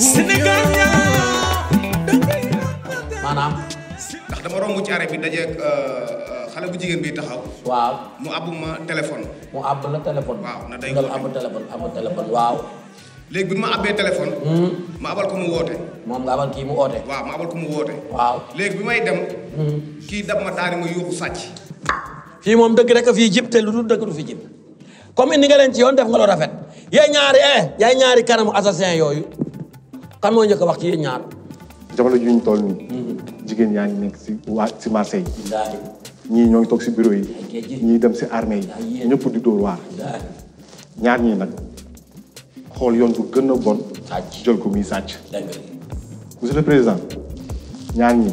Sénégal maanaam. ndax dama romb ci arrêt bi dajeeg euh, euh, xale bu jigéen bi taxaw. waaw mu abbu ma téléphone. mu abbu la téléphone. waaw na day woote abbu téléphone abbu téléphone waaw. léegi bi téléphone. Hmm. ma ko mu woote. moom nga abal kii mu woote. waaw ma abal ko mu woote. waaw léegi bi may dem. Hmm. kii dab ma daal di yuuxu sàcc. fii moom dëgg rek fii jib te lu dul dëgg du fi jib. comme indi nga leen ci yoon def nga lu rafet yéen ñaari eh yaay ñaari kanamu assassin yooyu kan moo njëkk wax ci yéen ñaar. jamono ju ñu toll nii. jigéen yaa ngi nekk si waa si marché yi. ñii ñoo ngi toog si bureau yi. ñii dem si armée yi. ñëpp di dóor waar. ñaar ñi nag xool yoon bu gën a bon. jël ko muy sàcc. monsieur le président ñaar ñi